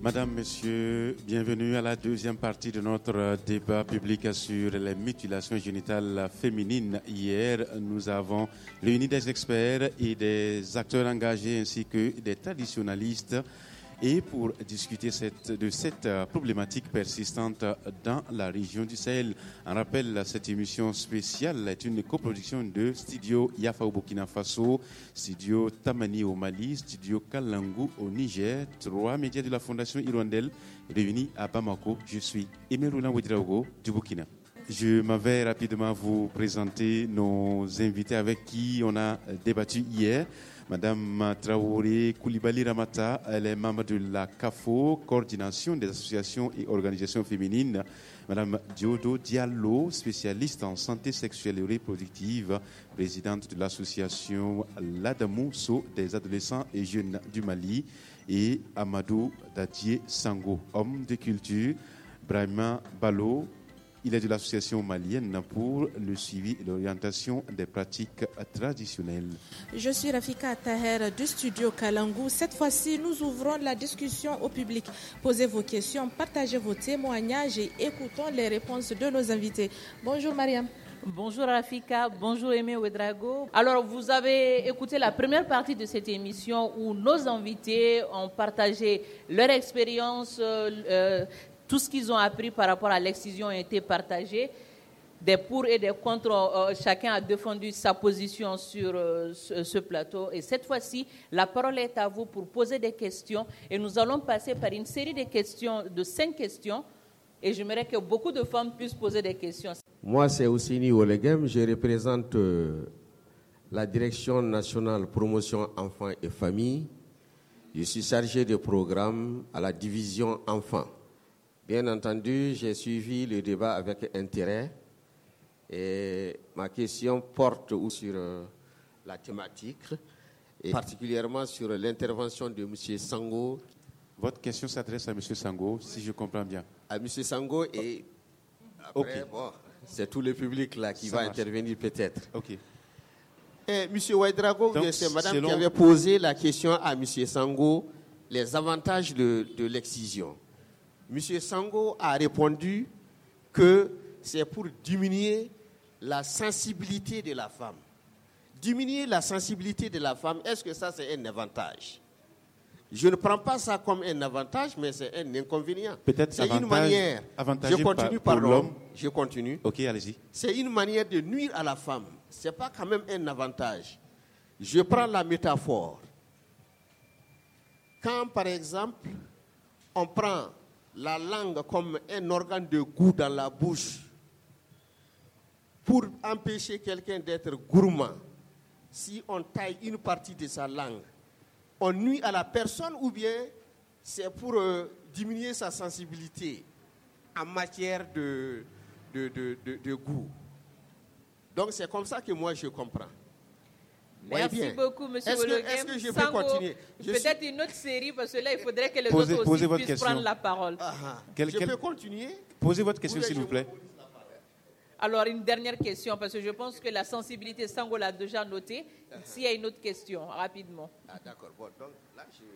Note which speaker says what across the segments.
Speaker 1: Madame, Monsieur, bienvenue à la deuxième partie de notre euh, débat public sur les mutilations génitales féminines. Hier, nous avons réuni des experts et des acteurs engagés ainsi que des traditionnalistes et pour discuter de cette euh, problématique persistante dans la région du Sahel, Un rappel, cette émission spéciale est une coproduction de Studio Yafa au Burkina Faso, Studio Tamani au Mali, Studio Kalangu au Niger, trois médias de la Fondation Irwandel réunis à Bamako. Je suis Emile Roland du Burkina. Je m'avais rapidement vous présenter nos invités avec qui on a débattu hier. Madame Traoré Koulibaly Ramata, elle est membre de la CAFO, coordination des associations et organisations féminines. Madame Diodo Diallo, spécialiste en santé sexuelle et reproductive, présidente de l'association L'Adamousso des adolescents et jeunes du Mali. Et Amadou Dadier Sango, homme de culture. Brahma Balo, il est de l'association malienne pour le suivi et l'orientation des pratiques traditionnelles.
Speaker 2: Je suis Rafika Taher du studio Kalangou. Cette fois-ci, nous ouvrons la discussion au public. Posez vos questions, partagez vos témoignages et écoutons les réponses de nos invités. Bonjour Mariam. Bonjour Rafika, bonjour
Speaker 3: Aimé Ouedrago. Alors vous avez écouté la première partie de cette émission où nos invités ont partagé leur expérience, euh, euh tout ce qu'ils ont appris par rapport à l'excision a été partagé. Des pour et des contre, euh, euh, chacun a défendu sa position sur euh, ce, plateau. Et cette fois-ci, la parole est à vous pour poser des questions. Et nous allons passer par une série de questions, de cinq questions. Et j'aimerais que beaucoup de femmes puissent poser des questions.
Speaker 4: Moi, c'est Oussini Olegem. Je représente la Direction nationale promotion enfants et Famille. Je suis chargé de programme à la division enfants. Bien entendu, j'ai suivi le débat avec intérêt et ma question porte sur euh, la thématique et particulièrement sur l'intervention de M. Sango. Votre question s'adresse à M. Sango, si je comprends bien. À M. Sango et oh. c'est tout le public là qui va intervenir peut-être. Ok. Eh, M. Ouedrago, c'est madame qui avait posé la question à M. Sango, les avantages de l'excision. M. Sango a répondu que c'est pour diminuer la sensibilité de la femme. Diminuer la sensibilité de la femme, est-ce que ça c'est un avantage Je ne prends pas ça comme un avantage, mais c'est un inconvénient. Peut-être c'est une manière. Je continue par Je continue. Ok, allez-y. C'est une manière de nuire à la femme. n'est pas quand même un avantage. Je prends la métaphore. Quand par exemple on prend la langue comme un organe de goût dans la bouche pour empêcher quelqu'un d'être gourmand. Si on taille une partie de sa langue, on nuit à la personne ou bien c'est pour euh, diminuer sa sensibilité en matière de, de goût. Donc c'est comme ça que moi je comprends. Merci eh beaucoup, M. Bologem. Est-ce que je peux continuer Peut-être
Speaker 3: une autre série, parce que là, il faudrait que les autres puissent prendre la parole. Ah, ah. je peux continuer
Speaker 1: Posez votre question, s'il vous plaît.
Speaker 3: Alors, une dernière question, parce que je pense que la sensibilité, Sango l'a déjà notée. S'il y a une autre question, rapidement. Ah, d'accord.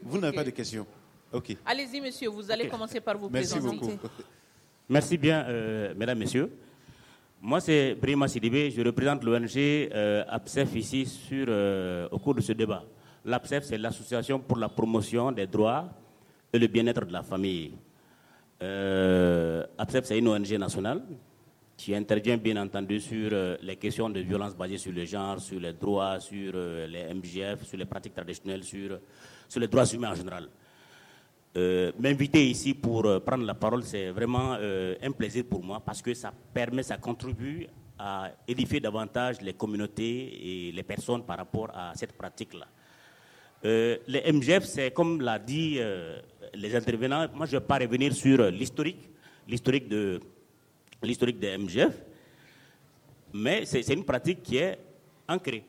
Speaker 5: Vous n'avez pas de question Ok.
Speaker 3: Allez-y, monsieur, vous allez commencer par vous présenter. Merci beaucoup.
Speaker 5: Merci bien, euh, mesdames, messieurs. Moi, c'est Brima Sidibé, je représente l'ONG euh, APSEF ici euh, au cours de ce débat. L'APSEF, c'est l'Association pour la promotion des droits et le bien-être de la famille. Euh, c'est une ONG nationale qui intervient bien entendu sur euh, les questions de violence basées sur le genre, sur les droits, sur les MGF, sur les pratiques traditionnelles, sur, sur les droits humains en général. Euh, m'inviter ici pour euh, prendre la parole, c'est vraiment euh, un plaisir pour moi parce que ça permet, ça contribue à édifier davantage les communautés et les personnes par rapport à cette pratique-là. les MGF, c'est comme l'a dit les intervenants, moi je ne vais pas revenir sur l'historique, l'historique de l'historique des MGF, mais c'est une pratique qui est ancrée,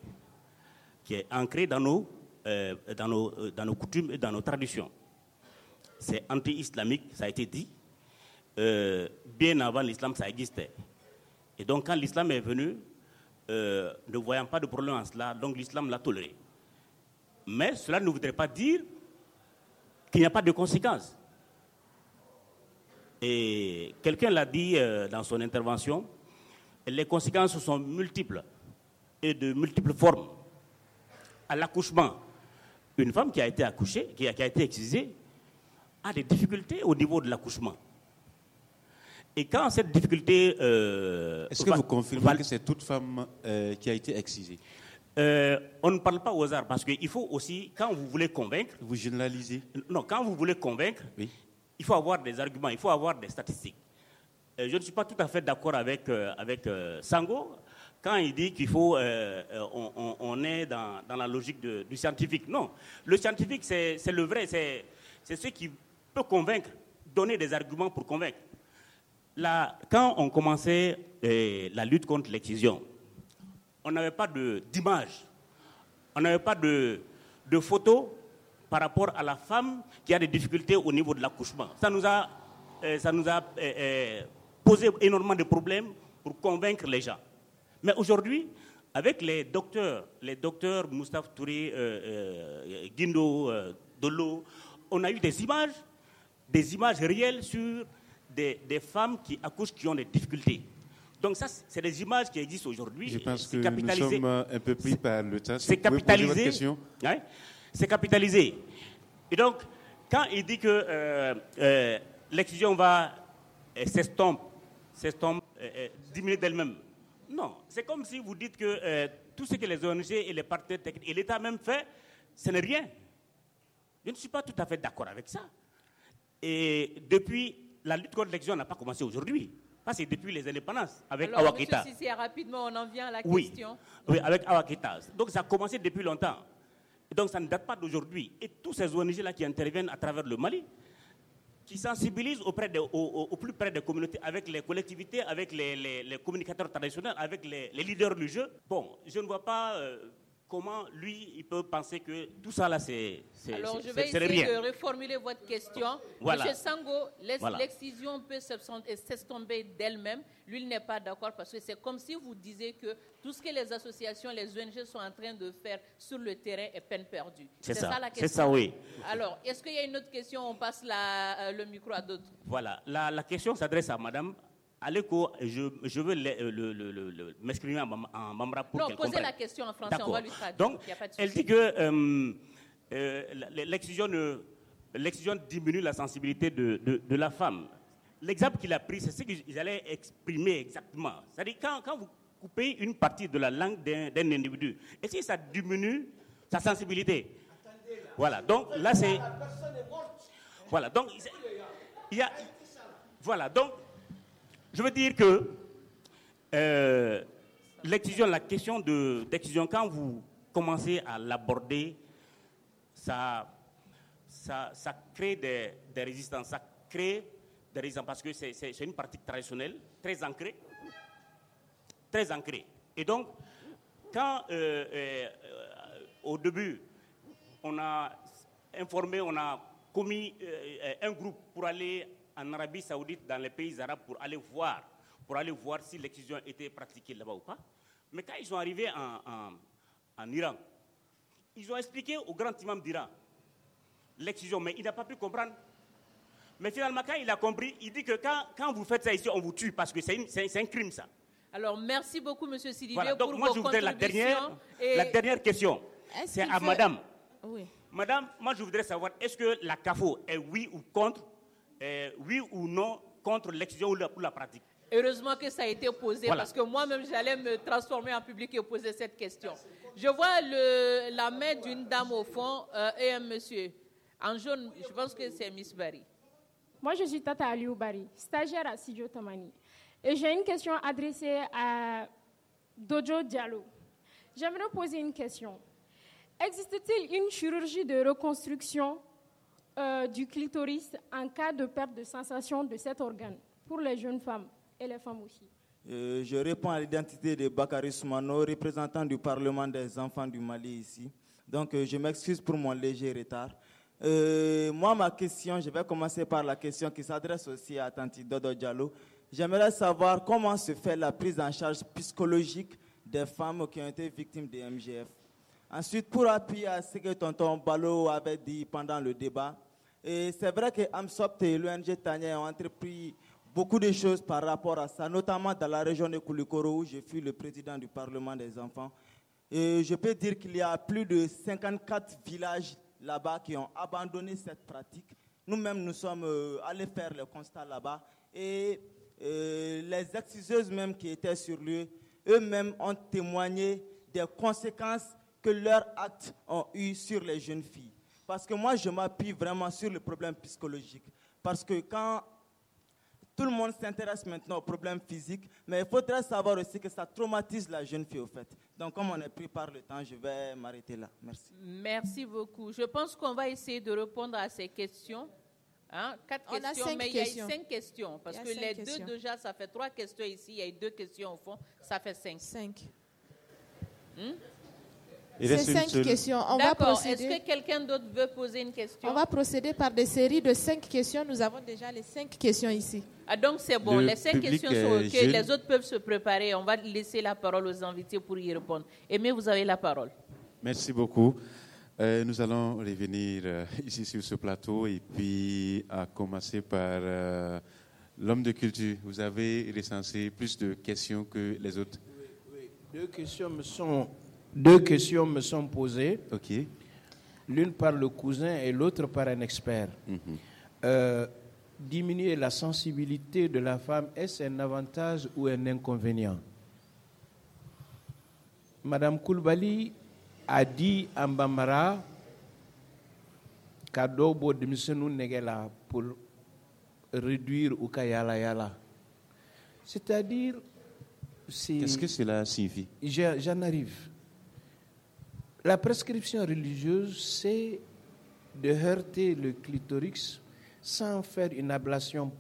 Speaker 5: qui est ancrée dans nos, dans dans nos coutumes et dans nos traditions c'est anti-islamique, ça a été dit. Euh, bien avant l'islam, ça existait. Et donc, quand l'islam est venu, euh, ne voyant pas de problème en cela, donc l'islam l'a toléré. Mais cela ne voudrait pas dire qu'il n'y a pas de conséquences. Et quelqu'un l'a dit euh, dans son intervention, les conséquences sont multiples et de multiples formes. À l'accouchement, une femme qui a été accouchée, qui a, qui a été excisée, a des difficultés au niveau de l'accouchement. Et quand cette difficulté... Euh, Est-ce que vous confirmez que c'est toute femme euh, qui a été excisée euh, on ne parle pas au hasard parce qu'il faut aussi, quand vous voulez convaincre. Vous généralisez Non, quand vous voulez convaincre, il faut avoir des arguments, il faut avoir des statistiques. je ne suis pas tout à fait d'accord avec, avec Sango quand il dit qu'il faut. On, est dans, dans la logique du scientifique. Non, le scientifique, c'est le vrai, c'est ce qui convaincre, donner des arguments pour convaincre. quand on commençait eh, la lutte contre l'excision, on n'avait pas d'image, on n'avait pas de, de photos par rapport à la femme qui a des difficultés au niveau de l'accouchement. Ça nous a, eh, ça nous a eh, posé énormément de problèmes pour convaincre les gens. Mais aujourd'hui, avec les docteurs, les docteurs Moustaphe Touré, euh, euh Guindo, euh, Dolo, on a eu des images des images réelles sur des, femmes qui accouchent, qui ont des difficultés. Donc ça, c'est des images qui existent aujourd'hui. Je pense que nous sommes
Speaker 1: euh, un peu pris par le c'est capitalisé.
Speaker 5: c'est capitalisé. Et donc, quand il dit que euh, euh, l'exclusion va euh, s'estomper, s'estompe, diminuer d'elle-même, non. C'est comme si vous dites que tout ce que les ONG et les partenaires techniques et l'État même fait, ce n'est rien. Je ne suis pas tout à fait d'accord avec ça. Et depuis, la lutte contre l'exil n'a pas commencé aujourd'hui. Ça, c'est depuis les indépendances, avec Alors, Awakita.
Speaker 3: Si, rapidement, on en vient à la question.
Speaker 5: Oui, avec Awakita. Donc, ça a commencé depuis longtemps. donc, ça ne date pas d'aujourd'hui. Et tous ces ONG-là qui interviennent à travers le Mali, qui sensibilisent auprès de, au, plus près des communautés, avec les collectivités, avec les, les, communicateurs traditionnels, avec les, leaders du jeu. Bon, je ne vois pas euh, comment lui, il peut penser que tout ça là, c'est rien Alors, je vais essayer de
Speaker 3: reformuler votre question. Voilà. Sango, l'excision peut s'estomper d'elle-même. Lui, il n'est pas d'accord parce que c'est comme si vous disiez que tout ce que les associations, les ONG sont en train de faire sur le terrain est peine perdue. C'est ça. la question. C'est ça, oui. Alors, est-ce qu'il y a une autre question On passe euh, le micro à d'autres.
Speaker 5: Voilà. La, la question s'adresse à Madame alors je, veux euh, m'exprimer en, Bambara pour qu'elle posez la
Speaker 3: question en français, on va lui Donc, elle dit
Speaker 5: que euh, euh l'excision diminue la sensibilité de, la femme. L'exemple qu'il a pris, c'est ce qu'ils allaient exprimer exactement. C'est-à-dire, quand, quand, vous coupez une partie de la langue d'un individu, est-ce que ça diminue sa sensibilité Voilà, donc là, c'est... Voilà, donc... Il y a... Voilà, donc... Je veux dire que euh, la question de quand vous commencez à l'aborder, ça, ça, crée des, résistances, ça crée des résistances parce que c'est une pratique traditionnelle très ancrée, très ancrée. Et donc, quand euh, euh, au début, on a informé, on a commis euh, un groupe pour aller en Arabie Saoudite, dans les pays arabes, pour aller voir, pour aller voir si l'excision était pratiquée là-bas ou pas. Mais quand ils sont arrivés en, Iran, ils ont expliqué au grand imam d'Iran l'excision, mais il n'a pas pu comprendre. Mais finalement, quand il a compris, il dit que quand, quand vous faites ça ici, on vous tue parce que c'est un crime, ça.
Speaker 3: Alors, merci beaucoup, Monsieur Sidibé, donc pour moi, vos je la dernière, la
Speaker 5: dernière question. C'est à Madame. Madame, moi, je voudrais savoir, est-ce que la CAFO est oui ou contre euh, oui ou non contre l'exclusion ou la, la pratique.
Speaker 3: Heureusement que ça a été posé parce que moi-même j'allais me transformer en public et poser cette question. Je vois la main d'une dame au fond euh, et un monsieur. En jaune, je pense que c'est Miss Barry.
Speaker 2: Moi, je suis Tata Aliou Barry, stagiaire à Sidio Tamani. Et j'ai une question adressée à Dojo Diallo. J'aimerais poser une question. Existe-t-il une chirurgie de reconstruction euh, du clitoris en cas de perte de sensation de cet organe pour les jeunes
Speaker 6: femmes et les femmes aussi.
Speaker 7: Euh, je réponds à l'identité de Bakary Soumano, représentant du Parlement des enfants du Mali ici. Donc euh, je m'excuse pour mon léger retard. moi, ma question, je vais commencer par la question qui s'adresse aussi à Tanti Diallo. J'aimerais savoir comment se fait la prise en charge psychologique des femmes qui ont été victimes des MGF. Ensuite, pour appuyer à ce que tonton Balo avait dit pendant le débat, et c'est vrai que AMSOPT et l'ONG Tania ont entrepris beaucoup de choses par rapport à ça, notamment dans la région de Koulikoro où je suis le président du Parlement des enfants. Et je peux dire qu'il y a plus de 54 villages là-bas qui ont abandonné cette pratique. Nous-mêmes, nous sommes euh, allés faire le constat là-bas et euh, les exciseuses même qui étaient sur lieu, eux-mêmes ont témoigné des conséquences que leurs actes ont eues sur les jeunes filles. Parce que moi, je m'appuie vraiment sur le problème psychologique. Parce que quand tout le monde s'intéresse maintenant au problème physique, mais il faudrait savoir aussi que ça traumatise la jeune fille, au fait. Donc, comme on est pris par le temps, je vais m'arrêter là. Merci.
Speaker 3: Merci beaucoup. Je pense qu'on va essayer de répondre à ces questions. Hein. Quatre questions, cinq mais questions. il y a cinq questions. Parce que les deux, déjà, ça fait trois questions ici. Il y a deux questions au fond. Ça fait cinq. Cinq. Hmm?
Speaker 2: Il cinq questions. On va procéder. Est-ce que
Speaker 3: quelqu'un d'autre veut poser une question On va
Speaker 2: procéder par des séries de cinq questions. Nous avons déjà les cinq questions ici. Ah, donc c'est bon. les cinq questions sont euh, OK.
Speaker 3: Les autres peuvent se préparer. On va laisser la parole aux invités pour y répondre. Aimé, vous avez la parole.
Speaker 1: Merci beaucoup. Euh, nous allons revenir euh, ici sur ce plateau et puis à commencer par l'homme de culture. Vous avez recensé plus de questions que les autres.
Speaker 8: oui. Deux questions me sont deux questions me sont posées. L'une par le cousin et l'autre par un expert. Mhm. Euh, diminuer la sensibilité de la femme, est-ce un avantage ou un inconvénient Madame Koulbali a dit à Mbamara Negela pour réduire C'est-à-dire. Qu'est-ce que
Speaker 1: cela signifie
Speaker 8: J'en arrive. La prescription religieuse, c'est de heurter le clitoris sans faire une ablation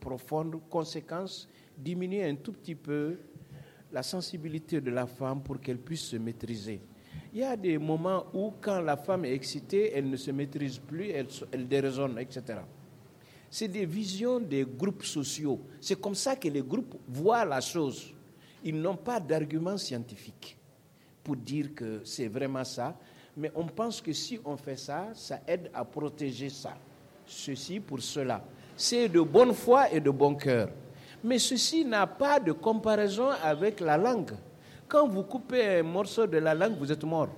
Speaker 8: profonde, conséquence, diminuer un tout petit peu la sensibilité de la femme pour qu'elle puisse se maîtriser. Il y a des moments où, quand la femme est excitée, elle ne se maîtrise plus, elle, déraisonne, etc. C'est des visions des groupes sociaux. C'est comme ça que les groupes voient la chose. Ils n'ont pas d'arguments scientifiques pour dire que c'est vraiment ça, mais on pense que si on fait ça, ça aide à protéger ça, ceci pour cela. C'est de bonne foi et de bon cœur. Mais ceci n'a pas de comparaison avec la langue. Quand vous coupez un morceau de la langue, vous êtes mort.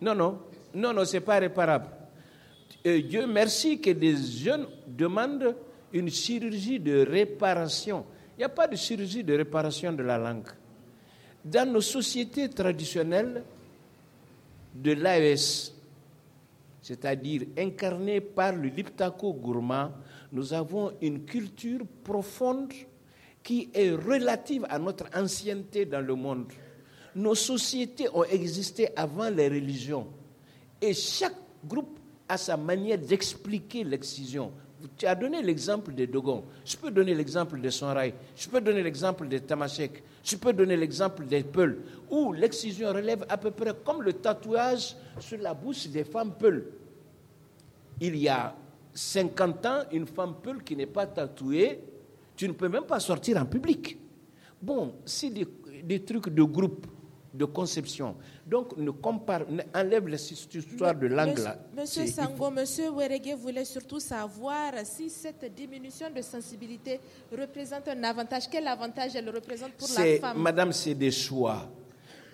Speaker 8: Non, non, non, non, c'est pas réparable. Euh, Dieu merci que des jeunes demandent une chirurgie de réparation. Il n'y a pas de chirurgie de réparation de la langue dans nos sociétés traditionnelles de l'AES, c'est-à-dire incarnées par le Liptako gourmand, nous avons une culture profonde qui est relative à notre ancienneté dans le monde. Nos sociétés ont existé avant les religions et chaque groupe a sa manière d'expliquer l'excision. Tu as donné l'exemple des Dogon. Je peux donner l'exemple de Soraï. Je peux donner l'exemple de Tamashek. Je peux donner l'exemple des Peuls, où l'excision relève à peu près comme le tatouage sur la bouche des femmes Peuls. Il y a 50 ans, une femme Peul qui n'est pas tatouée, tu ne peux même pas sortir en public. Bon, si des trucs de groupe de conception. Donc, ne compare, enlève l'histoire de l'anglais. là. Monsieur Sango,
Speaker 2: Monsieur Werege voulait surtout savoir si cette diminution de sensibilité représente un avantage. Quel avantage elle représente pour la femme
Speaker 8: Madame, c'est des choix.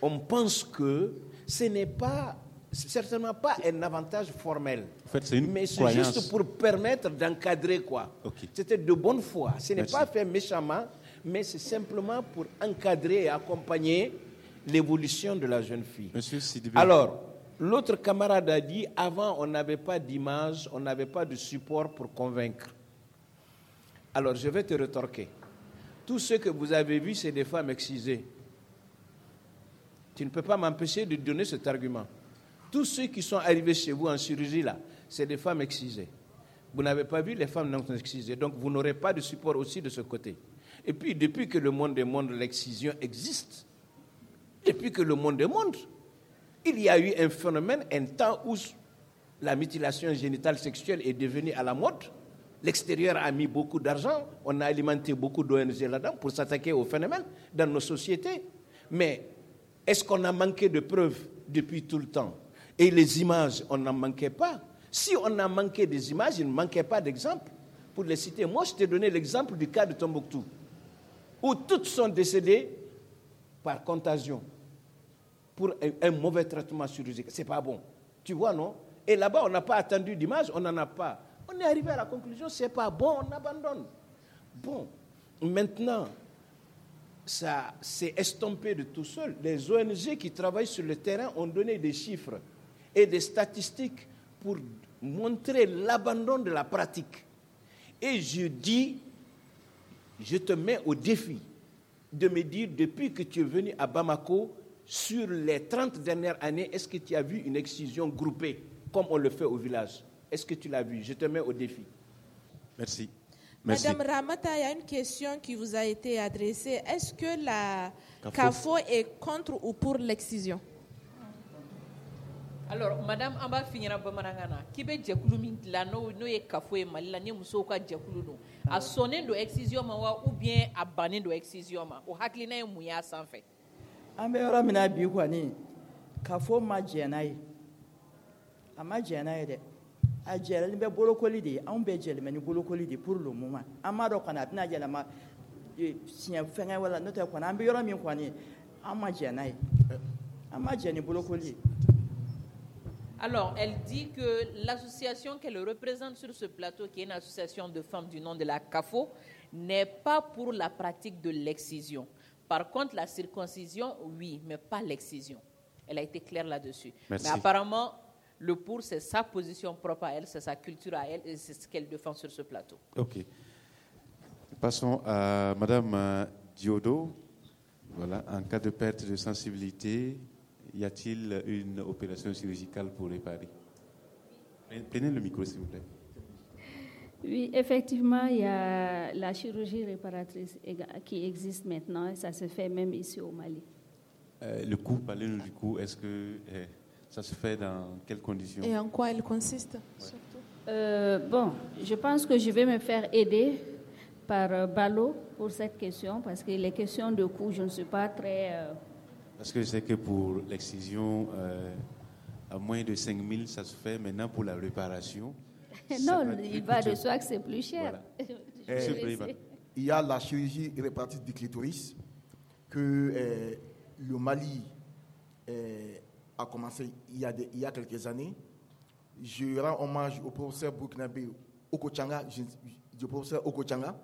Speaker 8: On pense que ce n'est pas certainement pas un avantage formel. En fait, c'est une Mais c'est juste pour permettre d'encadrer quoi. C'était de bonne foi. Ce n'est pas fait méchamment, mais c'est simplement pour encadrer et accompagner l'évolution de la jeune fille. Alors, l'autre camarade a dit, avant, on n'avait pas d'image, on n'avait pas de support pour convaincre. Alors, je vais te retorquer. Tous ceux que vous avez vu, c'est des femmes excisées. Tu ne peux pas m'empêcher de donner cet argument. Tous ceux qui sont arrivés chez vous en chirurgie, là, c'est des femmes excisées. Vous n'avez pas vu les femmes non excisées, donc vous n'aurez pas de support aussi de ce côté. Et puis, depuis que le monde des mondes, l'excision existe, depuis que le monde est monde, il y a eu un phénomène, un temps où la mutilation génitale sexuelle est devenue à la mode. L'extérieur a mis beaucoup d'argent, on a alimenté beaucoup d'ONG là-dedans pour s'attaquer au phénomène dans nos sociétés. Mais est-ce qu'on a manqué de preuves depuis tout le temps Et les images, on n'en manquait pas. Si on a manqué des images, il ne manquait pas d'exemples pour les citer. Moi, je t'ai donné l'exemple du cas de Tombouctou, où toutes sont décédées par contagion pour un mauvais traitement chirurgical. C'est pas bon. Tu vois, non Et là-bas, on n'a pas attendu d'image, on n'en a pas. On est arrivé à la conclusion, c'est pas bon, on abandonne. Bon, maintenant, ça s'est estompé de tout seul. Les ONG qui travaillent sur le terrain ont donné des chiffres et des statistiques pour montrer l'abandon de la pratique. Et je dis, je te mets au défi de me dire, depuis que tu es venu à Bamako, sur les 30 dernières années, est-ce que tu as vu une excision groupée, comme on le fait au village Est-ce que tu l'as vu Je te mets au défi. Merci. Madame
Speaker 2: Ramata, il y a une question qui vous a été adressée. Est-ce que la CAFO est contre ou pour l'excision
Speaker 3: alors madame Amba Finira fi qui bamanankan ce que bɛ jɛkulu min a sɔnnen don excision ma wa ou bien a bannen don excision ma o hakilina ye mun y'a sanfɛ.
Speaker 9: an bɛ yɔrɔ min na bi kɔni kafo ma jɛn n'a ye a ma jɛn n'a ye dɛ a jɛlen bɛ bolokoli de ye anw bɛɛ jɛlen ni bolokoli de ye pour le moment an m'a dɔn e, kɔni a bɛna yɛlɛma siɲɛ fɛngɛ wɛrɛ n'o tɛ kɔni an bɛ yɔrɔ min kɔni an ma jɛn n'a ye eh. an ma jɛn ni bolokoli ye.
Speaker 3: Alors, elle dit que l'association qu'elle représente sur ce plateau, qui est une association de femmes du nom de la CAFO, n'est pas pour la pratique de l'excision. Par contre, la circoncision, oui, mais pas l'excision. Elle a été claire là-dessus. Mais apparemment, le pour, c'est sa position propre à elle, c'est sa culture à elle, et c'est ce qu'elle défend sur ce plateau.
Speaker 1: OK. Passons à Madame euh, Diodo. Voilà, en cas de perte de sensibilité, y a-t-il une opération chirurgicale pour réparer Prenez le micro, s'il vous plaît.
Speaker 6: Oui, effectivement, il y a la chirurgie réparatrice qui existe maintenant et ça se fait même ici au Mali.
Speaker 1: Euh, le coût, parlez-nous du coût. Est-ce que eh, ça se fait dans quelles conditions Et
Speaker 6: en quoi elle consiste surtout euh, Bon, je pense que je vais me faire aider par euh, ballot pour cette question parce que les questions de coût. Je ne suis pas très
Speaker 1: parce que je sais que pour l'excision, euh, à moins de 5 000, ça se fait. Maintenant, pour la réparation.
Speaker 6: non, il va de soi que c'est plus cher. Eh,
Speaker 10: il y a la chirurgie répartie du clitoris que euh, le Mali euh, a commencé il y a, il y a, quelques années. Je rends hommage au professeur burkinabé Okochanga, du professeur Okochanga,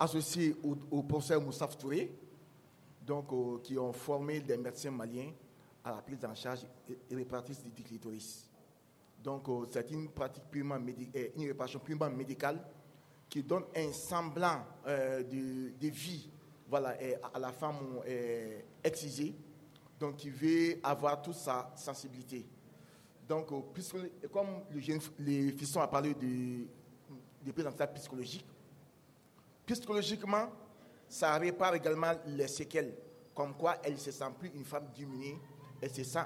Speaker 10: associé au, au professeur Moussaf Touré donc, qui ont formé des médecins maliens à la prise en charge et réparatrice des clitoris. Donc, euh, c'est une pratique purement médicale, euh, une médicale qui donne un semblant euh, de, vie voilà, à la femme excisée, donc qui veut avoir toute sa sensibilité. Donc, puisque, comme le, jeune, a parlé de, de prise en charge psychologique, psychologiquement, ça répare également les séquelles, comme quoi elle ne se sent plus une femme diminuée, elle se sent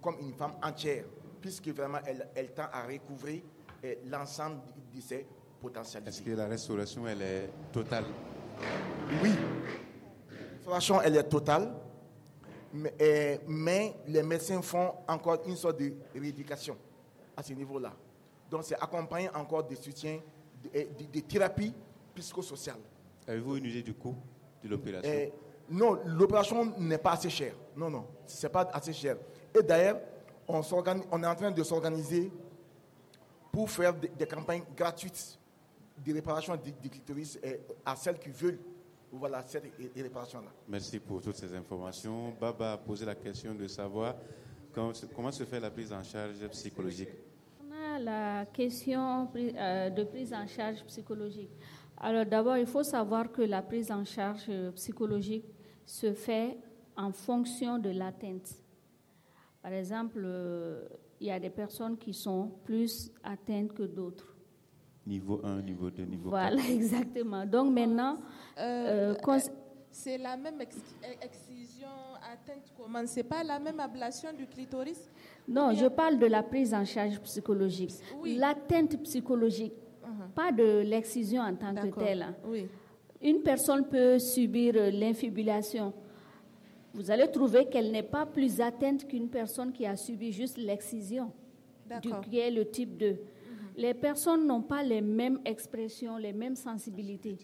Speaker 10: comme une femme entière, puisque vraiment elle, tend à recouvrir eh, l'ensemble de ses potentialités. Est-ce que la restauration, elle est
Speaker 4: totale Oui.
Speaker 10: La restauration, elle est totale, eh, mais, les médecins font encore une sorte de rééducation à ce niveau-là. Donc c'est accompagné encore de soutien, de, eh, de thérapie psychosociale.
Speaker 1: Avez-vous une idée du coût de l'opération eh,
Speaker 10: Non, l'opération n'est pas assez chère. Non, non, ce n'est pas assez cher. Et d'ailleurs, on, est en train de s'organiser pour faire des, campagnes gratuites de réparation des, clitoris eh, à celles qui veulent voilà, cette réparation-là.
Speaker 1: Merci pour toutes ces informations. Baba a posé la question de savoir comment, comment se fait la prise en charge psychologique.
Speaker 6: On a la question euh, de prise en charge psychologique. Alors d'abord, il faut savoir que la prise en charge psychologique se fait en fonction de l'atteinte. Par exemple, euh, il y a des personnes qui sont plus atteintes que d'autres.
Speaker 1: Niveau 1, niveau 2, niveau 3. Voilà, exactement.
Speaker 6: Donc maintenant, euh, euh, c'est la même
Speaker 2: excision atteinte
Speaker 6: comment C'est pas la même ablation du clitoris Non, je parle de la prise en charge psychologique. L'atteinte psychologique, Mhm. pas de l'excision en tant que telle. Une personne peut subir euh, l'infibulation. Vous allez trouver qu'elle n'est pas plus atteinte qu'une personne qui a subi juste l'excision, qui est le type 2. Mhm. Les personnes n'ont pas les mêmes expressions, les mêmes sensibilités.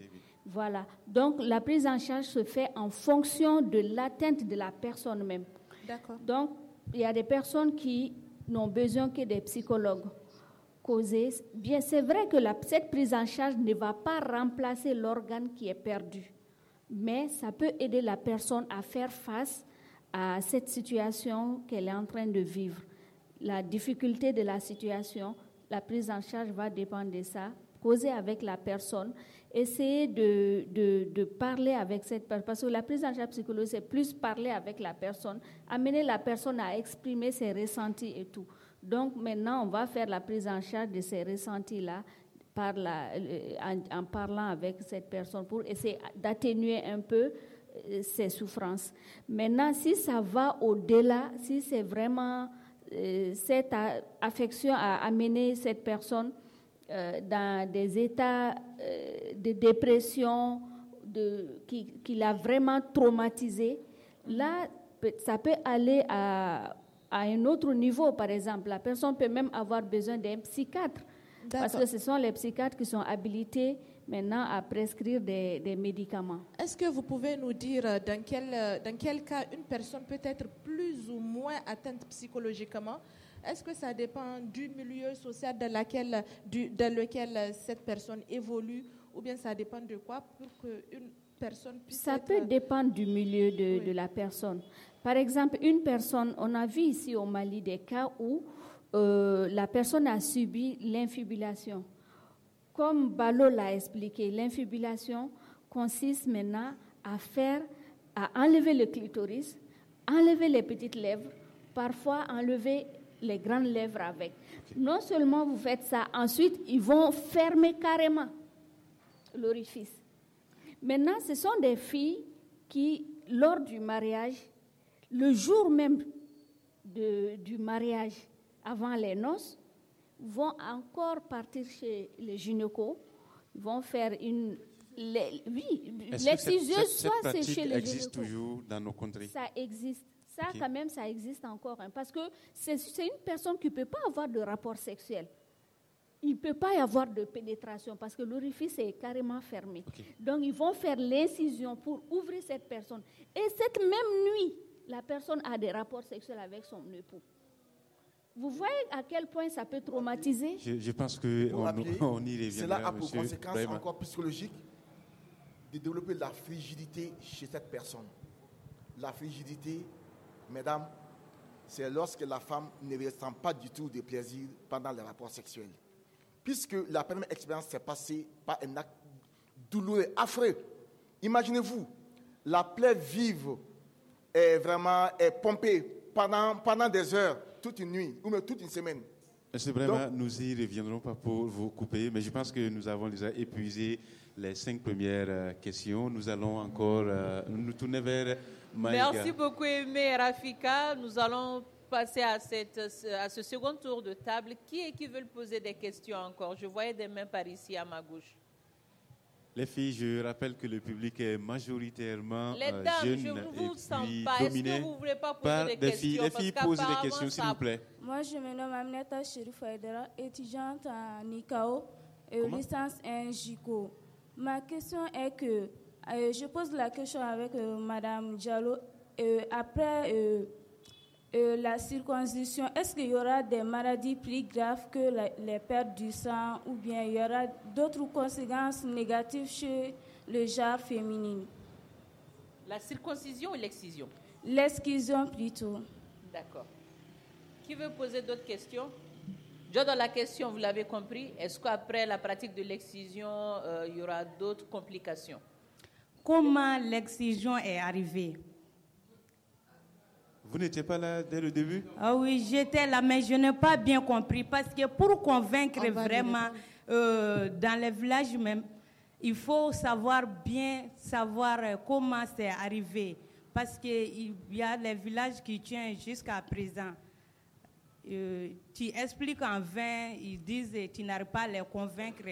Speaker 6: Voilà. Donc la prise en charge se fait en fonction de l'atteinte de la personne même. D'accord. Donc il y a des personnes qui n'ont besoin que des psychologues bien c'est vrai que la, cette prise en charge ne va pas remplacer l'organe qui est perdu, mais ça peut aider la personne à faire face à cette situation qu'elle est en train de vivre. La difficulté de la situation, la prise en charge va dépendre de ça. Causer avec la personne, essayer de, de, de parler avec cette personne, parce que la prise en charge psychologique, c'est plus parler avec la personne, amener la personne à exprimer ses ressentis et tout. Donc maintenant, on va faire la prise en charge de ces ressentis-là par euh, en, parlant avec cette personne pour essayer d'atténuer un peu ses euh, souffrances. Maintenant, si ça va au-delà, si c'est vraiment euh, cette affection a amené cette personne dans des états de dépression de, qui, qui l'a vraiment traumatisé, là, ça peut aller à à un autre niveau, par exemple. La personne peut même avoir besoin d'un psychiatre. Parce que ce sont les psychiatres qui sont habilités maintenant à prescrire des, médicaments. Est-ce que vous pouvez nous dire euh, dans quel, euh, dans quel cas une personne peut
Speaker 2: être plus ou moins atteinte psychologiquement Est-ce que ça dépend du milieu social dans lequel euh, cette personne évolue ou bien ça dépend de quoi pour qu'une personne
Speaker 6: puisse... Ça peut dépendre du milieu de, la personne. Par exemple, une personne, on a vu ici au Mali des cas où euh, la personne a subi l'infibulation. Comme Balo l'a expliqué, l'infibulation consiste maintenant à faire, à enlever le clitoris, enlever les petites lèvres, parfois enlever les grandes lèvres avec. Non seulement vous faites ça, ensuite ils vont fermer carrément l'orifice. Maintenant, ce sont des filles qui, lors du mariage, le jour même du mariage, avant les noces, vont encore partir chez les gynécos, vont faire une... Les, oui, les soit c'est chez les existe
Speaker 1: toujours dans nos contrées Ça
Speaker 6: existe. Ça, quand même, ça existe encore. Hein, parce que c'est une personne qui ne peut pas avoir de rapport sexuel il ne peut pas y avoir de pénétration parce que l'orifice est carrément fermé. Donc ils vont faire l'incision pour ouvrir cette personne. Et cette même nuit, la personne a des rapports sexuels avec son époux. Vous voyez à quel point ça peut traumatiser
Speaker 1: Je, pense qu'on on y reviendra. Cela a pour conséquence encore
Speaker 10: psychologique de développer la frigidité chez cette personne. La frigidité, mesdames, c'est lorsque la femme ne ressent pas du tout de plaisir pendant les rapports sexuels puisque la première expérience s'est passée par un acte douloureux, affreux. Imaginez-vous, la plaie vive est vraiment est pompée pendant, pendant des heures, toute une nuit, ou même toute une semaine.
Speaker 1: C'est vraiment. nous y reviendrons pas pour vous couper, mais je pense que nous avons déjà épuisé les cinq premières euh, questions. Nous allons encore euh, nous tourner vers Merci
Speaker 3: beaucoup, Aimé Rafika. Nous allons passer à, cette, à ce second tour de table. Qui est qui veut poser des questions encore Je voyais des mains par ici à ma gauche.
Speaker 1: Les filles, je rappelle que le public est majoritairement euh, les dames, jeune je vous et
Speaker 2: sens pas. dominé que vous voulez pas
Speaker 1: poser des, questions filles. Les filles, posez des questions, s'il vous plaît.
Speaker 6: Moi, je me nomme Aminata Chérif étudiante en ICAO et licence en JICO. Ma question est que, euh, je pose la question avec euh, Madame Diallo, après
Speaker 2: la circoncision, est-ce qu'il y aura des maladies plus graves que
Speaker 6: les pertes du sang ou bien il y aura d'autres conséquences négatives chez le genre féminin
Speaker 3: La circoncision ou l'excision
Speaker 6: L'excision plutôt.
Speaker 3: D'accord. Qui veut poser d'autres questions Je dans la question, vous l'avez compris, est-ce qu'après la pratique de l'excision, euh, il y aura d'autres complications Comment l'excision est arrivée
Speaker 1: vous n'étiez pas là dès le début
Speaker 3: Ah oui, j'étais là, mais je n'ai pas bien compris. Parce que pour convaincre ah, bah, vraiment, euh, dans les villages même, il faut savoir bien savoir euh, comment c'est arrivé. Parce qu'il y a les villages qui tiennent jusqu'à présent. Euh, tu expliques en vain, ils disent tu n'arrives pas à les convaincre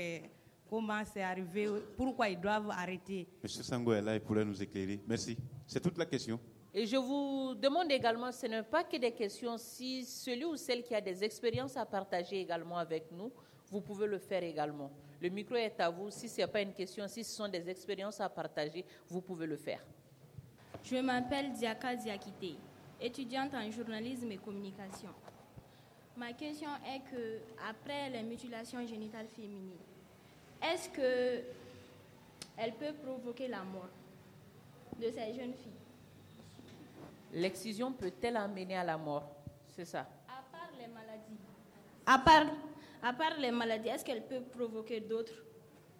Speaker 3: comment c'est arrivé, pourquoi ils doivent arrêter.
Speaker 1: Monsieur Sango est là, il pourrait nous éclairer. Merci. C'est toute la question.
Speaker 3: Et je vous demande également, ce n'est pas que des questions, si celui ou celle qui a des expériences à partager également avec nous, vous pouvez le faire également. Le micro est à vous. Si ce n'est pas une question, si ce sont des expériences
Speaker 6: à partager,
Speaker 3: vous pouvez le faire.
Speaker 6: Je m'appelle Diaka Diakite, étudiante en journalisme et communication. Ma question est que, après les mutilations génitales féminines, est-ce que elle peut provoquer la mort de ces jeunes filles
Speaker 3: L'excision peut-elle amener à la mort C'est ça.
Speaker 6: À part les maladies. À part, les maladies, est-ce qu'elle peut provoquer d'autres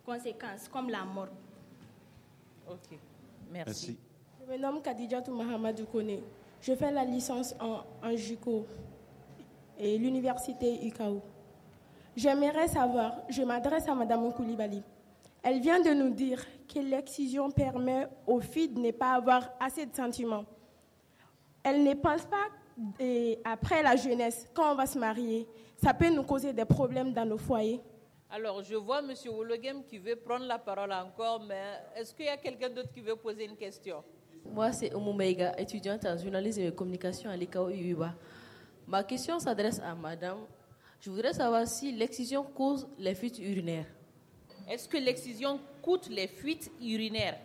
Speaker 6: conséquences comme la mort
Speaker 3: Ok, merci.
Speaker 2: Je me nomme Je fais la licence en, en JUCO et l'université UKAO. J'aimerais savoir, je m'adresse à Madame Koulibaly. Elle vient de nous dire que l'excision permet aux filles de ne pas avoir assez de sentiments elle ne pense pas et eh, après la jeunesse, quand on va se marier. Ça peut nous causer des problèmes dans nos foyers.
Speaker 3: Alors, je vois M. Oulogem qui veut prendre la parole encore, mais est-ce qu'il y a quelqu'un d'autre qui veut poser une question
Speaker 2: Moi, c'est Omumeiga, étudiante en journalisme et communication
Speaker 3: à l'ICAO Ma question s'adresse à Madame. Je voudrais savoir si l'excision cause les fuites urinaires. Est-ce que l'excision coûte les fuites urinaires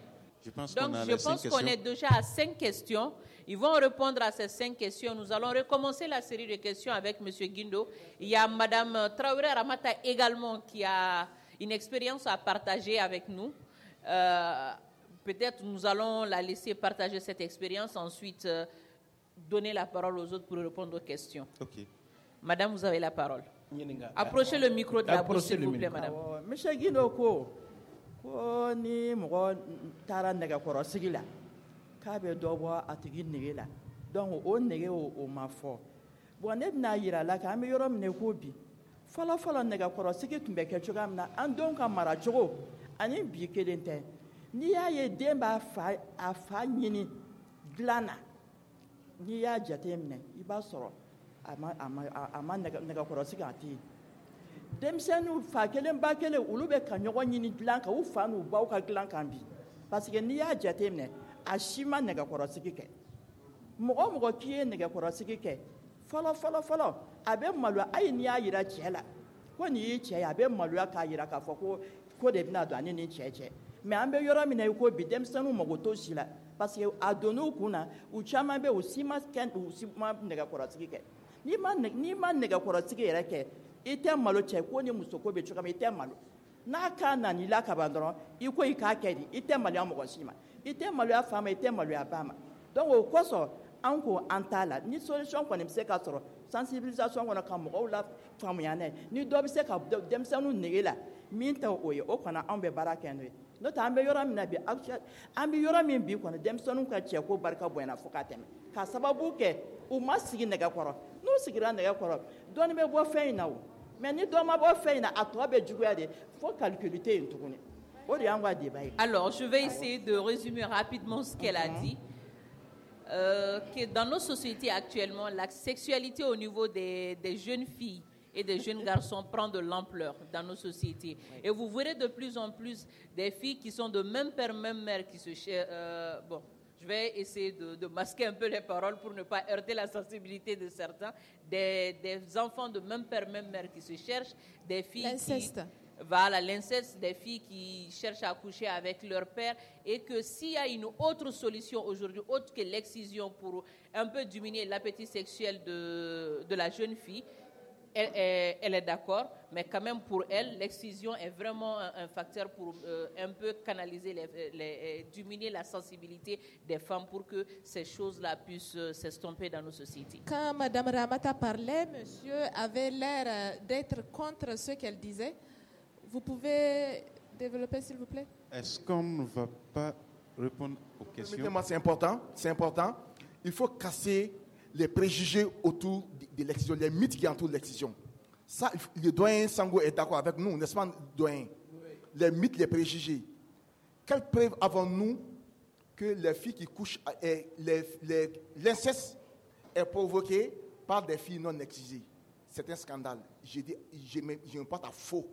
Speaker 1: je pense Donc, je pense qu'on est
Speaker 3: déjà à cinq questions. Ils vont répondre à ces cinq questions. Nous allons recommencer la série de questions avec M. Guindo. Il y a Mme Traoré Ramata également qui a une expérience à partager avec nous. Euh, peut-être nous allons la laisser partager cette expérience, ensuite euh, donner la parole aux autres pour répondre aux questions. Madame, vous avez la parole. Approchez le micro de la s'il vous plaît, madame.
Speaker 9: Ah Monsieur Guindo, k'a bɛ dɔ bɔ a tigi nege la donc o nege o, o ma fɔ bon ne bɛna yira la k'an bɛ yɔrɔ min na i ko bi fɔlɔfɔlɔ nɛgɛkɔrɔsigi tun bɛ kɛ cogoya min na an denw ka maracogo ani bi kelen tɛ n'i y'a ye den b'a fa a fa ɲini dilan na n'i y'a jate minɛ i b'a sɔrɔ a ma a ma a ma nɛgɛkɔrɔsigi a tɛ yen denmisɛnninw fa kelen ba kelen olu bɛ ka ɲɔgɔn ɲini dilan kan u fa n'u baw ka dilan kan bi parce que n'i y'a jate minɛ a si ma nɛgɛkɔrɔsigi kɛ mɔgɔ mɔgɔ k'i ye nɛgɛkɔrɔsigi kɛ fɔlɔ fɔlɔ fɔlɔ a bɛ maloya hali n'i y'a yira cɛ la ko nin y'i cɛ ye a bɛ maloya k'a yira k'a fɔ ko ko de bɛna don ani nin cɛ cɛ mɛ an bɛ yɔrɔ min na i ko bi denmisɛnninw mago t'o si la parce que a donna u kun na u caman bɛ yen u si ma kɛ u si ma nɛgɛkɔrɔsigi kɛ n'i ma n'i ma nɛgɛkɔrɔsigi yɛrɛ kɛ i tɛ malo cɛ ko ni muso ko bɛ cogo min i tɛ malo n'a k'a nan'i la kaban dɔrɔn i ko i k'a kɛ de i tɛ maloya mɔgɔ si ma i tɛ maloya fa ma i tɛ maloya ba ma donc o kosɔn an ko an t'a la ni solution kɔni bɛ se ka sɔrɔ sensibilisation kɔnɔ ka mɔgɔw la faamuya n'a ye ni dɔ bɛ se ka denmisɛnninw nege la min tɛ o ye o kɔni anw bɛ baara kɛ n'o ye n'o tɛ an bɛ yɔrɔ min na bi an bɛ yɔrɔ min bi kɔni denmisɛnninw ka cɛko barika bonyana fo ka tɛmɛ k'a sababu kɛ u ma sigi nɛgɛkɔrɔ n'u sigira nɛgɛkɔrɔ dɔɔnin bɛ bɔ fɛn in na o mɛ ni dɔ ma bɔ fɛn in na a tɔ bɛ juguya de fo calcul tɛ yen tuguni Alors, je vais
Speaker 3: essayer de résumer rapidement ce qu'elle a mm-hmm. dit. Euh, que dans nos sociétés actuellement, la sexualité au niveau des, des jeunes filles et des jeunes garçons prend de l'ampleur dans nos sociétés. Et vous verrez de plus en plus des filles qui sont de même père, même mère, qui se... Euh, bon, je vais essayer de, masquer un peu les paroles pour ne pas heurter la sensibilité de certains. Des, des enfants de même père, même mère qui se cherchent, des filles... Qui, va à l'inceste des filles qui cherchent à coucher avec leur père et que s'il y a une autre solution aujourd'hui, autre que l'excision pour un peu diminuer l'appétit sexuel de, de, la jeune fille, elle, est d'accord, mais quand même pour elle, l'excision est vraiment un, facteur pour euh, un peu canaliser, les, euh, diminuer la sensibilité des femmes pour que ces choses-là puissent euh, s'estomper dans nos sociétés.
Speaker 2: Quand Mme Ramata parlait, monsieur avait l'air d'être contre ce qu'elle disait. Vous pouvez développer, s'il vous plaît
Speaker 3: Est-ce
Speaker 1: qu'on ne va
Speaker 10: pas répondre aux questions moi c'est important. C'est important. Il faut casser les préjugés autour de l'excision, les mythes qui entourent l'excision. Ça, le doyen Sango est d'accord avec nous, n'est-ce pas, doyen Les mythes, les préjugés. Quelle preuve avons-nous que les filles qui couchent, eh, l'inceste est provoqué par des filles non excisées C'est un scandale. Je, dis, porte à faux.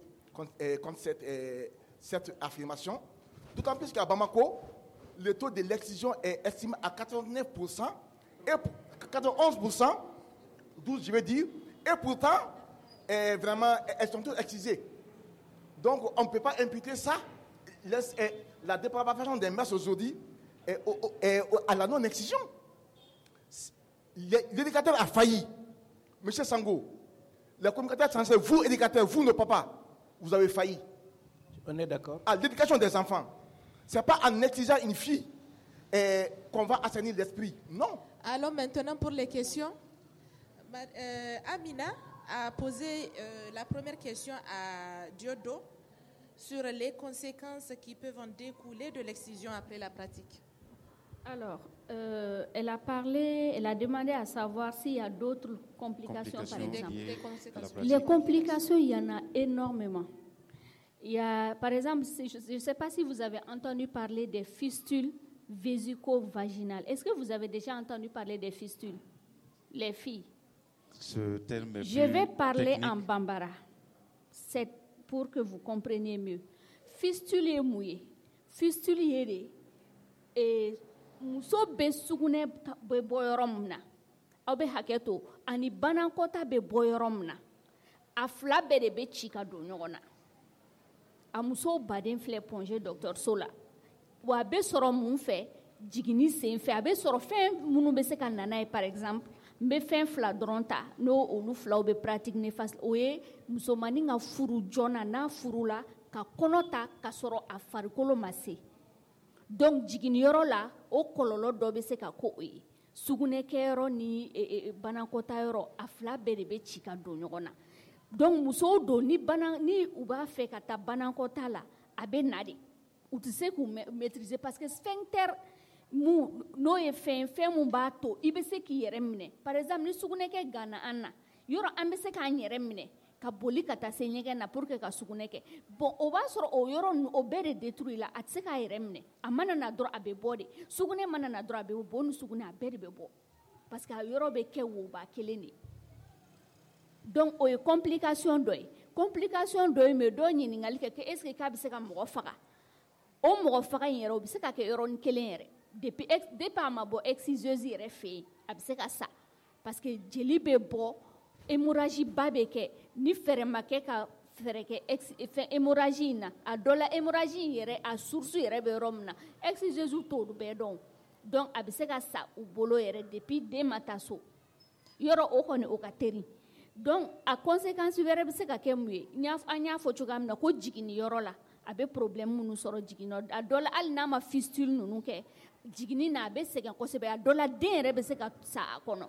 Speaker 10: Euh, contre, cette, euh, cette, affirmation. D'autant plus qu'à Bamako, le taux de l'excision est estimé à 89% et 91%, 12 je veux dire, et pourtant, est vraiment, elles sont toutes excisées. Donc on ne peut pas imputer ça, euh, la dépravation des masses aujourd'hui à la non-excision. L'éducateur a failli. Monsieur Sango, le communicateur censé, vous éducateur, vous ne pas vous avez failli.
Speaker 7: On
Speaker 8: est d'accord.
Speaker 10: À ah, l'éducation des enfants, ce n'est pas
Speaker 2: en exigeant une fille eh, qu'on va assainir l'esprit. Non. Alors maintenant pour les questions, euh, Amina a posé euh, la première question à Diodo sur les conséquences qui peuvent en découler de l'excision après la pratique. Alors,
Speaker 6: euh, elle a parlé, elle a demandé à savoir s'il y a d'autres complications, par exemple. Les complications, il y en a énormément. Il y par exemple, je ne sais pas si vous avez entendu parler des fistules vésico-vaginales. Est-ce que vous avez déjà entendu parler des fistules, les filles
Speaker 1: Je vais parler en
Speaker 6: bambara. C'est pour que vous compreniez mieux. Fistule mouillé, fistule et muso bɛ sugunɛ bɛ bɔ yɔrɔ min na aw bɛ hakɛ to ani banakɔta bɛ bɔ yɔrɔ min na a fila bɛɛ de bɛ ci ka don ɲɔgɔn na a muso baden filɛ pɔnze dɔgɔtɔrɔso la wa a bɛ sɔrɔ mun fɛ jiginni sen fɛ a bɛ sɔrɔ fɛn minnu bɛ se ka na n'a ye par exemple n bɛ fɛn fila dɔrɔn ta n'o olu filaw bɛ pratique ne face o ye musomanin ka furu joona n'a furula ka kɔnɔ ta ka sɔrɔ a farikolo ma se donc jiginniyɔrɔ la o kɔlɔlɔ dɔ bɛ se ka ko o ye sugunɛkɛyɔrɔ ni e, e, e banakɔtayɔrɔ a fila bɛɛ de bɛ ci ka don ɲɔgɔn na donc musow don ni bana ni u b'a fɛ ka taa banakɔta la a bɛ na de u tɛ se k'u maîtriser parce que sphincter mun n'o ye fɛn ye fɛn mun b'a to i bɛ se k'i yɛrɛ minɛ par exemple ni sugunɛkɛ ganna an na yɔrɔ an bɛ se k'an yɛrɛ minɛ ka boli ka taa se ɲɛgɛn na pour que ka sugunɛ kɛ bon o b'a sɔrɔ o yɔrɔ o bɛɛ de détruit la a tɛ se k'a yɛrɛ minɛ a mana na dɔrɔn a bɛ bɔ de sugunɛ mana na dɔrɔn a bɛ bo ni sugunɛ a bɛɛ de bɛ bɔ parce que a yɔrɔ bɛ kɛ woba kelen de donc o ye complication dɔ ye complication dɔ ye mais dɔw ɲininkali kɛ ko est ce que k'a bɛ se ka mɔgɔ faga o mɔgɔ faga in yɛrɛ o bɛ se ka kɛ yɔrɔnin kelen yɛrɛ depuis ex depuis a ma bɔ exciseuse yɛrɛ fɛ yen a bɛ se ka sa parce que jeli bɛ bɔ hémorragie ba bɛ kɛ ni fɛɛrɛ ma kɛ ka fɛɛrɛ kɛ fɛn hémorragie in na a dɔ la hémorragie in yɛrɛ a source yɛrɛ bɛ yɔrɔ min na exégèse t'olu bɛɛ dɔn donc a bɛ se ka sa u bolo yɛrɛ depuis den ma taa so yɔrɔ o kɔni o ka teri donc a conséquence wɛrɛ bɛ se ka kɛ mun ye an y'a fɔ cogoya min na ko jiginniyɔrɔ la a bɛ problème minnu sɔrɔ jiginniyɔrɔ a dɔ la hali n'a ma fistule ninnu kɛ jiginni na a bɛ sɛgɛn kosɛbɛ a dɔ la den yɛrɛ bɛ se ka sa a kɔnɔ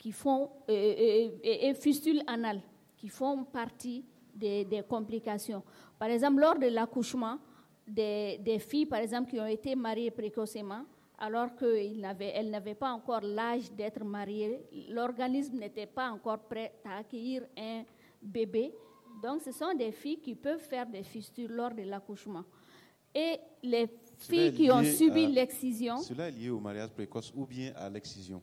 Speaker 6: qui font, et, euh, euh, euh, fistules anales qui font partie des, complications. Par exemple, lors de l'accouchement, des, filles, par exemple, qui ont été mariées précocement, alors qu'elles n'avaient pas encore l'âge d'être mariées, l'organisme n'était pas encore prêt à accueillir un bébé. Donc, ce sont des filles qui peuvent faire des fistules lors de l'accouchement. Et les filles qui ont subi l'excision.
Speaker 1: Cela est lié au mariage précoce ou bien à l'excision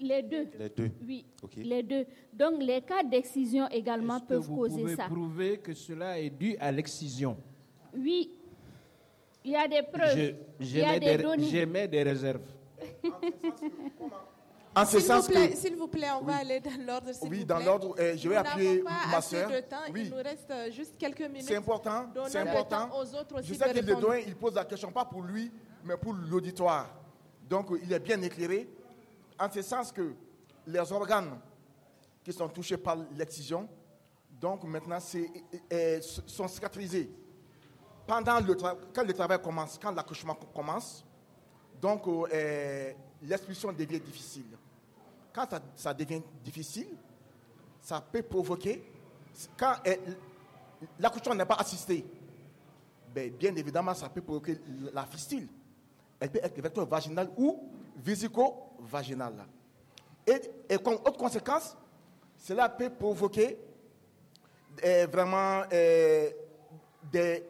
Speaker 6: les deux. Les deux. Oui. Les deux. Donc les cas d'excision également peuvent causer ça. Vous pouvez
Speaker 8: prouver que cela est dû à l'excision.
Speaker 6: Oui. Il y a des preuves. j'ai
Speaker 8: des, réserves. En ce sens S'il
Speaker 2: vous, plaît, on va aller dans l'ordre. Oui, vous dans l'ordre. Eh, je vais appuyer ma sœur. Il nous reste euh, juste quelques minutes. C'est important. C'est important. je sais qu'il il
Speaker 10: pose la question, pas pour lui, mais pour l'auditoire. Donc, il est bien éclairé. En ce sens que les organes qui sont touchés par l'excision, donc maintenant, euh, sont cicatrisés. Pendant le quand le travail commence, quand l'accouchement commence, donc euh, l'expulsion devient difficile. Quand ça, devient difficile, ça peut provoquer, quand euh, l'accouchement n'est pas assisté, ben, bien évidemment, ça peut provoquer la fistule. Elle peut être vecteur vaginale ou vésico vaginale. Et, et, comme autre conséquence, cela peut provoquer eh, vraiment eh, des,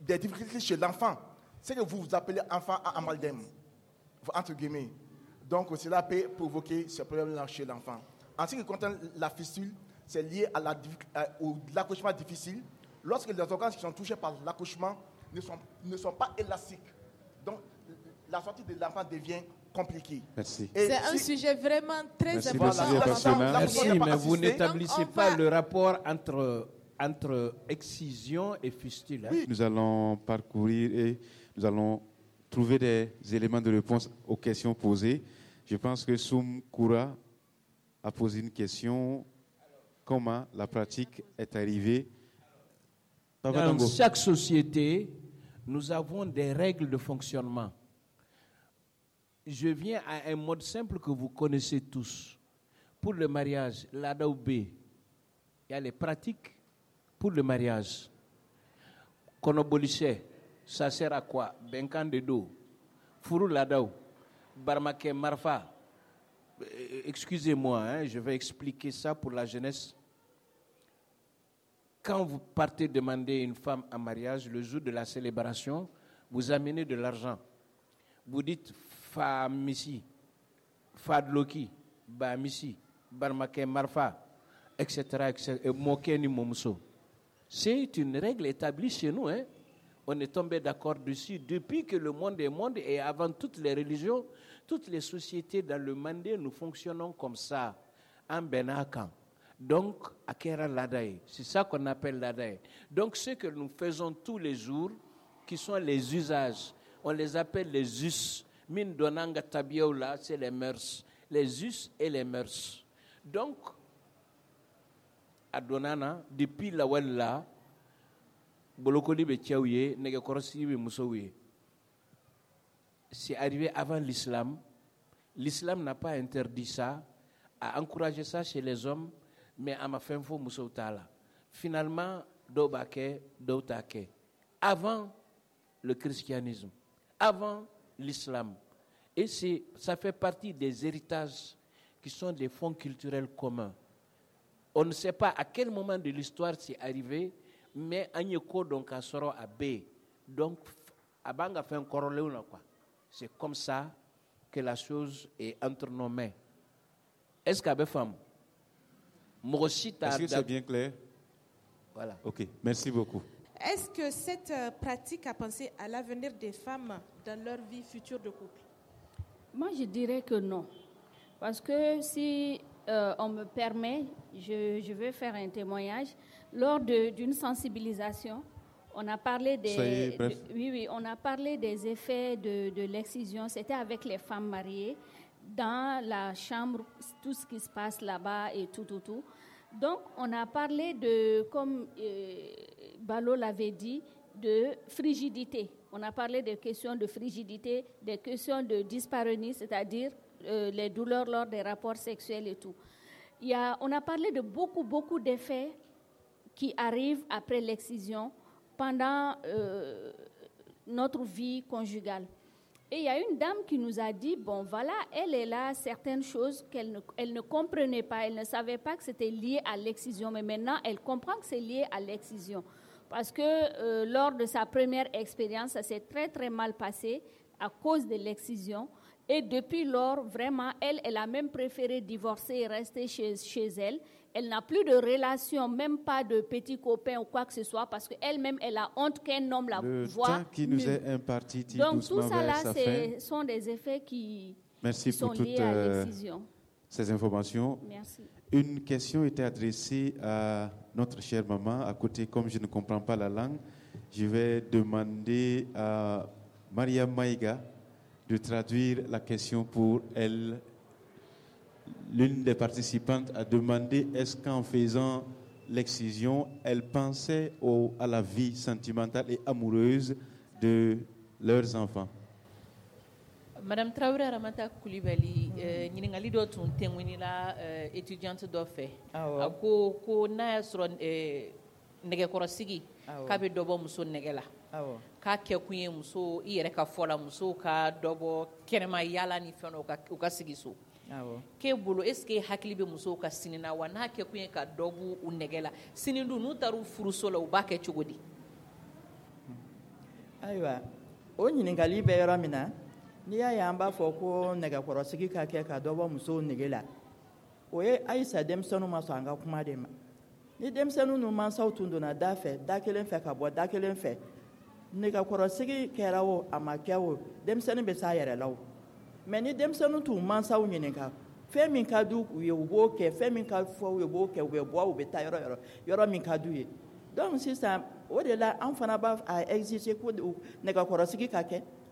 Speaker 10: des, difficultés chez l'enfant. C'est que vous vous appelez enfant à amalgame, entre guillemets. Donc cela peut provoquer ce problème-là chez l'enfant. En ce qui concerne la fistule, c'est lié à la, l'accouchement difficile. Lorsque les organes qui sont touchés par l'accouchement ne sont, ne sont pas élastiques, donc la sortie de l'enfant devient c'est un sujet
Speaker 2: vraiment très important. Merci, mais vous n'établissez pas
Speaker 8: le rapport entre, entre excision et fistule. Hein. Nous
Speaker 1: allons parcourir et nous allons trouver des éléments de réponse aux questions posées. Je pense que Soum Koura a posé une question comment la pratique est
Speaker 8: arrivée. Dans chaque société, nous avons des règles de fonctionnement je viens à un mode simple que vous connaissez tous. Pour le mariage, l'adaoubé, il y a les pratiques pour le mariage. Konobolise, ça sert à quoi Benkan de dos, Furu Barmake Marfa. Euh, excusez-moi, hein, je vais expliquer ça pour la jeunesse. Quand vous partez demander une femme en mariage, le jour de la célébration, vous amenez de l'argent. Vous dites fa fadloki, fa barmake marfa, etc c'est une règle établie chez nous hein. on est tombé d'accord dessus depuis que le monde est monde et avant toutes les religions, toutes les sociétés dans le monde, nous fonctionnons comme ça, en Donc, Akera Ladaï, c'est ça qu'on appelle Ladaï. Donc, ce que nous faisons tous les jours, qui sont les usages, on les appelle les us, min Donanga an c'est les mœurs les us et les mœurs donc Adonana, depuis la bolokoli be cɛw ye nɛgɛkɔrɔsigi bɛ c'est arrivé avant l'islam l'islam n'a pas interdit ça a encouragé ça chez les hommes mais à ma fin faut musow t'a finalement do b'a kɛ avant le christianisme avant l'islam. Et ça fait partie des héritages qui sont des fonds culturels communs. On ne sait pas à quel moment de l'histoire c'est arrivé, mais Agneko donc a soro à B. Donc, Abanga fait un corollaire quoi. C'est comme ça que la chose est entre nos mains. Est-ce qu'à Est-ce que c'est bien clair Voilà. Ok, merci beaucoup.
Speaker 2: Est-ce que cette euh, pratique a pensé à l'avenir des femmes dans leur vie future de couple
Speaker 6: Moi, je dirais que non. Parce que si euh, on me permet, je, je, faire un témoignage. Lors d'une sensibilisation, on a parlé des, oui, oui, on a parlé des effets de, l'excision. C'était avec les femmes mariées dans la chambre, tout ce qui se passe là-bas et tout, tout, tout. Donc, on a parlé de comme euh, Balot l'avait dit, de frigidité. On a parlé des questions de frigidité, des questions de dyspareunie, c'est-à-dire euh, les douleurs lors des rapports sexuels et tout. on a parlé de beaucoup, beaucoup d'effets qui arrivent après l'excision pendant euh, notre vie conjugale. Et il y a une dame qui nous a dit, bon voilà, elle est là, certaines choses qu'elle ne, elle ne comprenait pas, elle ne savait pas que c'était lié à l'excision, mais maintenant elle comprend que c'est lié à l'excision parce que euh, lors de sa première expérience, ça s'est très très mal passé à cause de l'excision. Et depuis lors, vraiment, elle, elle a même préféré divorcer et rester chez, chez elle. Elle n'a plus de relation, même pas de petits copains ou quoi que ce soit, parce qu'elle-même, elle a honte qu'un homme la Le qui nous est imparti,
Speaker 1: Donc tout ça là, ce
Speaker 6: sont des effets qui Merci sont liés à euh, l'excision.
Speaker 1: ces informations. Merci. Une question était adressée à notre chère maman. À côté, comme je ne comprends pas la langue, je vais demander à Maria Maïga de traduire la question pour elle. L'une des participantes a demandé est-ce qu'en faisant l'excision, elle pensait à la vie sentimentale et amoureuse de leurs enfants
Speaker 3: Madame Traoré Aramata Kulibali ɲiningali eh, dɔ tun tɛŋunila eh, étudiante dɔ fɛ a ko ko n'a y'a sɔrɔ eh, nɛgɛkɔrɔsigi awɔ k'a bɛ dɔbɔ muso nɛgɛ la awɔ k'a kɛkun ye muso i yɛrɛ ka fɔla musow ka dɔ bɔ kɛnɛma yala ni fɛn dɔw u ka sigi so awɔ k'e bolo est ce que hakili be musow ka sinina wa n'a kɛkun ye ka dɔbu u nɛgɛ la sini dun n'u taru furuso la u b'a kɛ cogo di
Speaker 9: ayiwa o ɲininkali bɛ yɔrɔ min na n'i y'a ye an b'a fɔ ko nɛgɛkɔrɔsigi ka kɛ ka dɔ bɔ musow nege la o ye halisa denmisɛnninw ma sɔn an ka kuma de ma ni denmisɛnninw n'u mansaw tun donna da fɛ da kelen fɛ ka bɔ da kelen fɛ nɛgɛkɔrɔsigi kɛra o a ma kɛ o denmisɛnnin bɛ s'a yɛrɛ la o mɛ ni denmisɛnninw t'u mansaw ɲininka fɛn min ka di u ye u b'o kɛ fɛn min ka fɔ u ye u b'o kɛ u bɛ bɔ u bɛ taa yɔrɔ yɔrɔ yɔrɔ min ka di u ye donc sisan o de la an fana b'a exiger ko nɛgɛkɔrɔsigi ka kɛ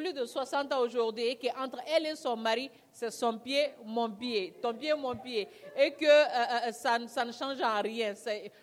Speaker 3: plus de 60 ans aujourd'hui et qu'entre elle et son mari, c'est son pied, mon pied, ton pied, mon pied. Et que euh, euh, euh, ça, ne change en rien.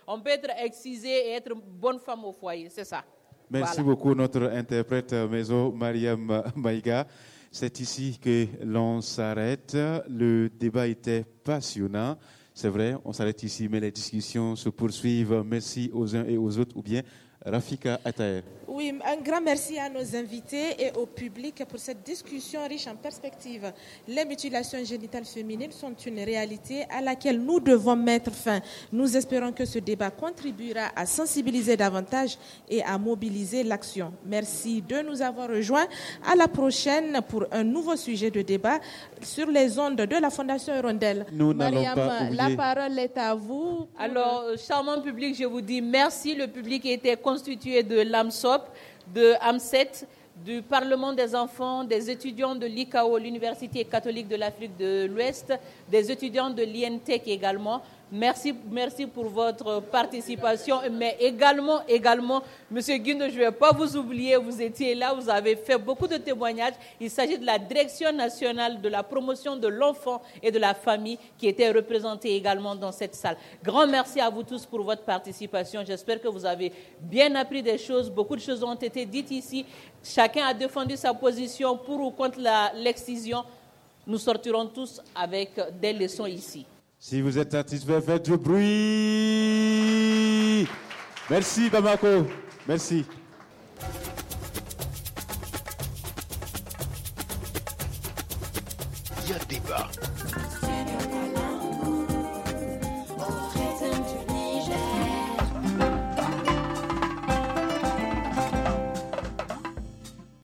Speaker 3: On peut être excisé et être bonne femme au foyer, c'est ça.
Speaker 1: Merci beaucoup, notre interprète maison, Mariam Maïga. C'est ici que l'on s'arrête. Le débat était passionnant. C'est vrai, on s'arrête ici, mais les discussions se poursuivent. Merci aux uns et aux autres, ou bien Rafika Ataer.
Speaker 2: Oui, un grand merci à nos invités et au public pour cette discussion riche en perspectives. Les mutilations génitales féminines sont une réalité à laquelle nous devons mettre fin. Nous espérons que ce débat contribuera à sensibiliser davantage et à mobiliser l'action. Merci de nous avoir rejoints. À la prochaine pour un nouveau sujet de débat sur les ondes de la Fondation Hirondelle. Nous Mariam, la parole est à vous. Alors, euh, charmant public, je vous dis merci. Le public était
Speaker 3: constitué de l'AMSOP, de AMSET, du Parlement des enfants, des étudiants de l'ICAO, l'Université catholique de l'Afrique de l'Ouest, des étudiants de l'INTEC également. Merci, merci pour votre participation, mais également, également, Monsieur Guindo, je ne vais pas vous oublier, vous étiez là, vous avez fait beaucoup de témoignages. Il s'agit de la Direction nationale de la promotion de l'enfant et de la famille qui était représentée également dans cette salle. Grand merci à vous tous pour votre participation. J'espère que vous avez bien appris des choses. Beaucoup de choses ont été dites ici. Chacun a défendu sa position pour ou contre l'excision. Nous sortirons tous avec des leçons ici.
Speaker 1: Si vous êtes satisfait, faites du bruit. Merci Bamako. Merci.